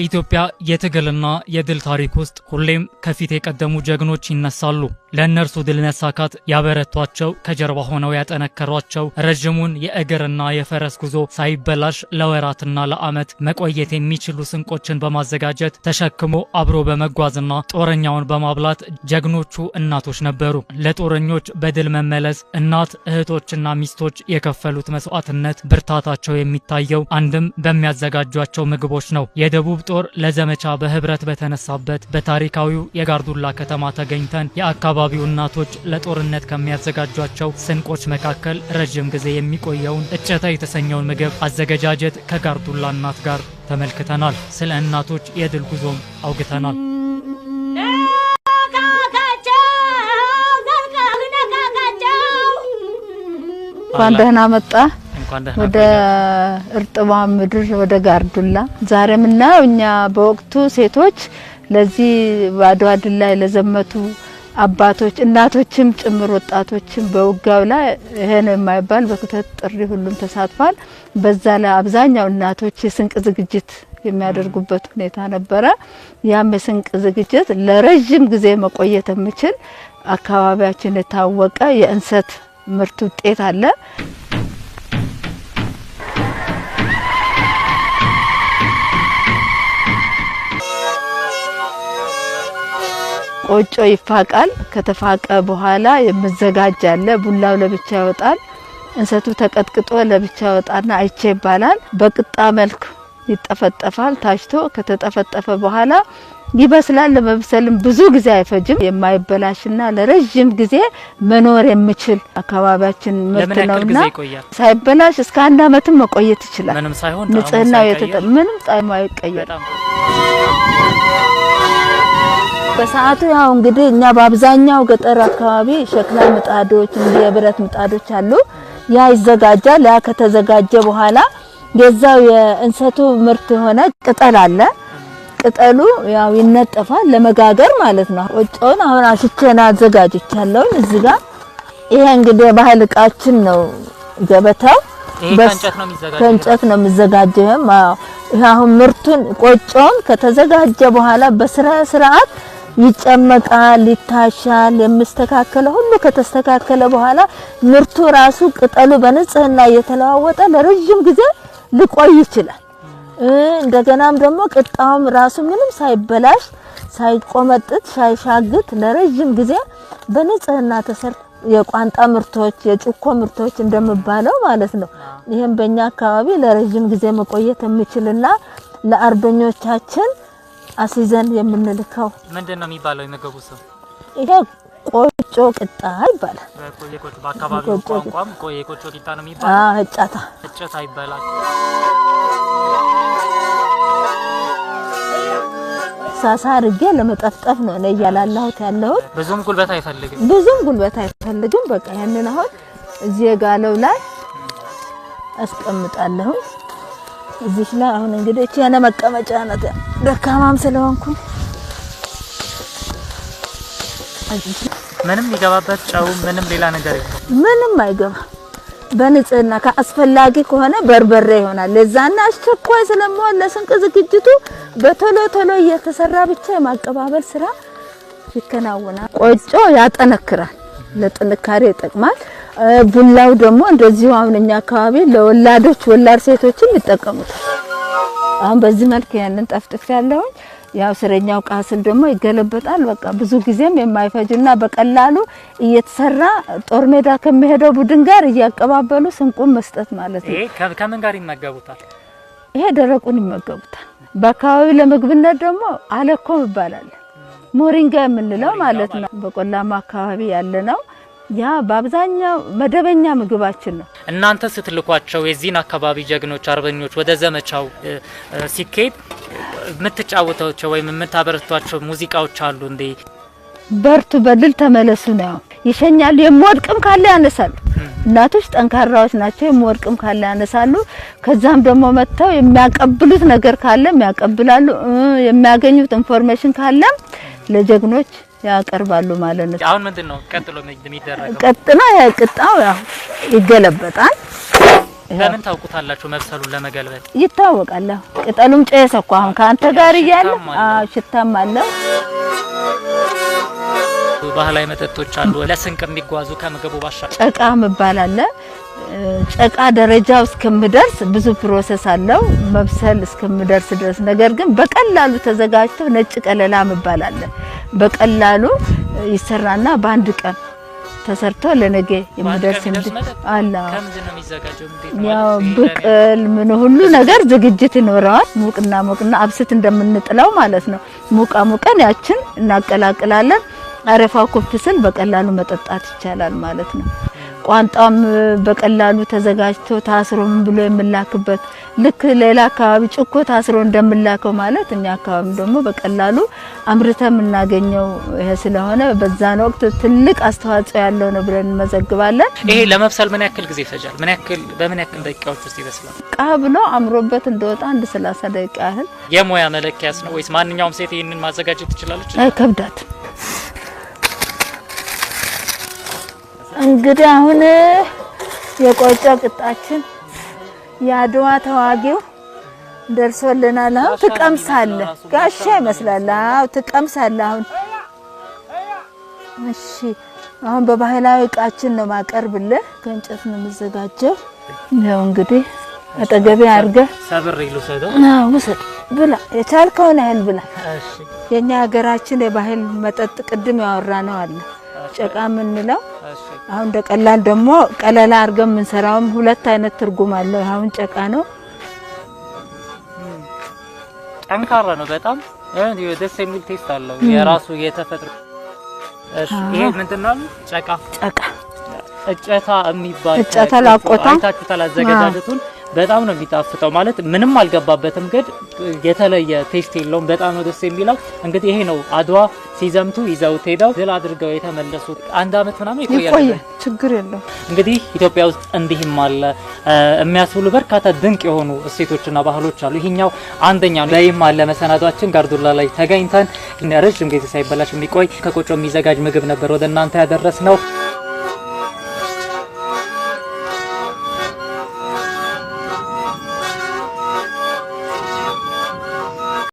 በኢትዮጵያ የትግልና የድል ታሪክ ውስጥ ሁሌም ከፊት የቀደሙ ጀግኖች ይነሳሉ። ለእነርሱ ድል መሳካት ያበረቷቸው፣ ከጀርባ ሆነው ያጠነከሯቸው፣ ረዥሙን የእግርና የፈረስ ጉዞ ሳይበላሽ ለወራትና ለዓመት መቆየት የሚችሉ ስንቆችን በማዘጋጀት ተሸክሞ አብሮ በመጓዝና ጦረኛውን በማብላት ጀግኖቹ እናቶች ነበሩ። ለጦረኞች በድል መመለስ እናት እህቶችና ሚስቶች የከፈሉት መስዋዕትነት ብርታታቸው የሚታየው አንድም በሚያዘጋጇቸው ምግቦች ነው። የደቡብ ጦር ለዘመቻ በህብረት በተነሳበት በታሪካዊው የጋርዱላ ከተማ ተገኝተን የአካባቢው እናቶች ለጦርነት ከሚያዘጋጇቸው ስንቆች መካከል ረዥም ጊዜ የሚቆየውን እጨታ የተሰኘውን ምግብ አዘገጃጀት ከጋርዱላ እናት ጋር ተመልክተናል። ስለ እናቶች የድል ጉዞም አውግተናል። እንኳን ደህና መጣ። ወደ እርጥባ ምድር ወደ ጋርዱላ ዛሬ የምናየው እኛ በወቅቱ ሴቶች ለዚህ በአድዋ ድል ላይ ለዘመቱ አባቶች እናቶችም ጭምር ወጣቶችም በውጋው ላይ ይሄ ነው የማይባል በክተት ጥሪ ሁሉም ተሳትፏል። በዛ ላይ አብዛኛው እናቶች የስንቅ ዝግጅት የሚያደርጉበት ሁኔታ ነበረ። ያም የስንቅ ዝግጅት ለረዥም ጊዜ መቆየት የሚችል አካባቢያችን የታወቀ የእንሰት ምርት ውጤት አለ። ቆጮ ይፋቃል። ከተፋቀ በኋላ የምዘጋጅ አለ። ቡላው ለብቻ ይወጣል። እንሰቱ ተቀጥቅጦ ለብቻ ይወጣና አይቼ ይባላል። በቅጣ መልክ ይጠፈጠፋል። ታሽቶ ከተጠፈጠፈ በኋላ ይበስላል። ለመብሰልም ብዙ ጊዜ አይፈጅም። የማይበላሽና ለረዥም ጊዜ መኖር የምችል አካባቢያችን ምርት ነውና ሳይበላሽ እስከ አንድ አመትም መቆየት ይችላል። ንጽህናው ምንም ጣዕሙ አይቀየርም። በሰዓቱ ያው እንግዲህ እኛ በአብዛኛው ገጠር አካባቢ ሸክላ ምጣዶች እንዲህ የብረት ምጣዶች አሉ። ያ ይዘጋጃል። ያ ከተዘጋጀ በኋላ የዛው የእንሰቱ ምርት የሆነ ቅጠል አለ። ቅጠሉ ያው ይነጠፋል ለመጋገር ማለት ነው። ወጪውን አሁን አሽቼና አዘጋጅቻለሁ። እዚህ ጋር ይሄ እንግዲህ የባህል እቃችን ነው። ገበታው ከእንጨት ነው የሚዘጋጀው። አሁን ምርቱን ቆጮም ከተዘጋጀ በኋላ በስራ ስርዓት ይጨመቃል፣ ይታሻል። የምስተካከለ ሁሉ ከተስተካከለ በኋላ ምርቱ ራሱ ቅጠሉ በንጽህና እየተለዋወጠ ለረጅም ጊዜ ሊቆይ ይችላል። እንደገናም ደግሞ ቅጣውም ራሱ ምንም ሳይበላሽ ሳይቆመጥጥ ሳይሻግት ለረጅም ጊዜ በንጽህና ተሰር የቋንጣ ምርቶች የጩኮ ምርቶች እንደሚባለው ማለት ነው። ይህም በእኛ አካባቢ ለረጅም ጊዜ መቆየት የሚችልና ለአርበኞቻችን አስይዘን የምንልከው ምንድን ነው የሚባለው? የምግቡ ስም ይሄ ቆጮ ቅጣ ይባላል። በአካባቢው ቋንቋም የቆጮ ቂጣ ነው የሚባለው። እጫታ ይባላል። ሳሳ አድርጌ ለመጠፍጠፍ ነው እኔ እያላላሁት ያለሁት። ብዙም ጉልበት አይፈልግም፣ ብዙም ጉልበት አይፈልግም። በቃ ያንን አሁን እዚህ የጋለው ላይ አስቀምጣለሁ። እዚህ ላይ አሁን እንግዲህ እቺ ያለ መቀመጫ ናት። ደካማም ስለሆንኩ ምንም ይገባበት ጨው፣ ምንም ሌላ ነገር ምንም አይገባ። በንጽህና ከአስፈላጊ ከሆነ በርበሬ ይሆናል። ለዛና አስቸኳይ ስለመሆን ለስንቅ ዝግጅቱ በቶሎ ቶሎ እየተሰራ ብቻ የማቀባበል ስራ ይከናወናል። ቆጮ ያጠነክራል፣ ለጥንካሬ ይጠቅማል። ቡላው ደግሞ እንደዚሁ አሁን እኛ አካባቢ ለወላዶች ወላድ ሴቶችም ይጠቀሙታል። አሁን በዚህ መልክ ያንን ጠፍጥፍ ያለው ያው ስረኛው ቃስል ደግሞ ይገለበጣል። በቃ ብዙ ጊዜም የማይፈጅና በቀላሉ እየተሰራ ጦር ሜዳ ከሚሄደው ቡድን ጋር እያቀባበሉ ስንቁን መስጠት ማለት ነው። ይሄ ከምን ጋር ይመገቡታል? ይሄ ደረቁን ይመገቡታል። በአካባቢው ለምግብነት ደግሞ አለኮም ይባላል። ሞሪንጋ የምንለው ማለት ነው። በቆላማ አካባቢ ያለ ነው። ያ በአብዛኛው መደበኛ ምግባችን ነው። እናንተ ስትልኳቸው የዚህን አካባቢ ጀግኖች አርበኞች ወደ ዘመቻው ሲካሄድ የምትጫወታቸው ወይም የምታበረቷቸው ሙዚቃዎች አሉ እንዴ? በርቱ በልል ተመለሱ ነው ይሸኛሉ። የምወድቅም ካለ ያነሳሉ። እናቶች ጠንካራዎች ናቸው። የምወድቅም ካለ ያነሳሉ። ከዛም ደግሞ መጥተው የሚያቀብሉት ነገር ካለም ያቀብላሉ። የሚያገኙት ኢንፎርሜሽን ካለም ለጀግኖች ያቀርባሉ ማለት ነው። አሁን ምንድን ነው ቀጥሎ የሚደረገው? ቀጥሎ ቅጣው ያው ይገለበጣል። በምን ታውቁታላችሁ? መብሰሉን ለመገልበጥ ይታወቃል። ቅጠሉም ጨሰ እኮ አሁን ከአንተ ጋር እያለ ሽታም አለው። ባህላዊ መጠጦች አሉ ለስንቅ የሚጓዙ ከምግቡ ባሻ ጨቃ ይባላል ጨቃ ደረጃው እስከምደርስ ብዙ ፕሮሰስ አለው መብሰል እስከምደርስ ድረስ። ነገር ግን በቀላሉ ተዘጋጅቶ ነጭ ቀለላ መባል በቀላሉ ይሰራና በአንድ ቀን ተሰርቶ ለነገ የሚደርስ አለ። ያው ብቅል ምን ሁሉ ነገር ዝግጅት ይኖረዋል። ሙቅና ሙቅና አብስት እንደምንጥለው ማለት ነው። ሙቃ ሙቀን ያችን እናቀላቅላለን። አረፋው ኮፍ ስል በቀላሉ መጠጣት ይቻላል ማለት ነው። ቋንጣም በቀላሉ ተዘጋጅቶ ታስሮ ምን ብሎ የምላክበት ልክ ሌላ አካባቢ ጭኮ ታስሮ እንደምላከው ማለት እኛ አካባቢ ደግሞ በቀላሉ አምርተ የምናገኘው ይሄ ስለሆነ በዛን ወቅት ትልቅ አስተዋጽኦ ያለው ነው ብለን እንመዘግባለን። ይሄ ለመብሰል ምን ያክል ጊዜ ይፈጃል? ምን ያክል በምን ያክል ደቂቃዎች ውስጥ ይበስላል? ቃ ብሎ አምሮበት እንደወጣ አንድ ሰላሳ ደቂቃ ያህል የሙያ መለኪያስ ነው ወይስ ማንኛውም ሴት ይህንን ማዘጋጀት ትችላለች? አይከብዳት እንግዲህ አሁን የቆጮ ቅጣችን የአድዋ ተዋጊው ደርሶልናል። አሁን ትቀምሳለህ፣ ጋሻ ይመስላል። አዎ ትቀምሳለህ። አሁን እሺ፣ አሁን በባህላዊ እቃችን ነው ማቀርብልህ። ከእንጨት ነው የምዘጋጀው። ያው እንግዲህ አጠገቤ አድርገህ ሰደ ብላ፣ የቻልከውን ያህል ብላ። የእኛ ሀገራችን የባህል መጠጥ ቅድም ያወራ ነው አለ ጨቃ የምንለው አሁን እንደ ቀላል ደግሞ ቀለላ አድርገን የምንሰራውም ሁለት አይነት ትርጉም አለው። አሁን ጨቃ ነው፣ ጠንካራ ነው በጣም ደስ የሚል ቴስት አለው የራሱ የተፈጥሮ። ይሄ ምንድን ነው? ጨቃ ጨቃ እጨታ የሚባል እጨታ ላቆታ አይታችሁ ተላዘገጃጀቱን በጣም ነው የሚጣፍጠው። ማለት ምንም አልገባበትም፣ ግን የተለየ ቴስት የለውም። በጣም ነው ደስ የሚለው። እንግዲህ ይሄ ነው አድዋ ሲዘምቱ ይዘውት ሄደው ድል አድርገው የተመለሱት። አንድ አመት ምናምን ይቆያል፣ ችግር የለው። እንግዲህ ኢትዮጵያ ውስጥ እንዲህም አለ የሚያስብሉ በርካታ ድንቅ የሆኑ እሴቶችና ባህሎች አሉ። ይሄኛው አንደኛ ነው። ይህም አለ መሰናዷችን ጋርዱላ ላይ ተገኝተን ረዥም ጊዜ ሳይበላሽ የሚቆይ ከቆጮ የሚዘጋጅ ምግብ ነበር ወደ እናንተ ያደረስ ነው።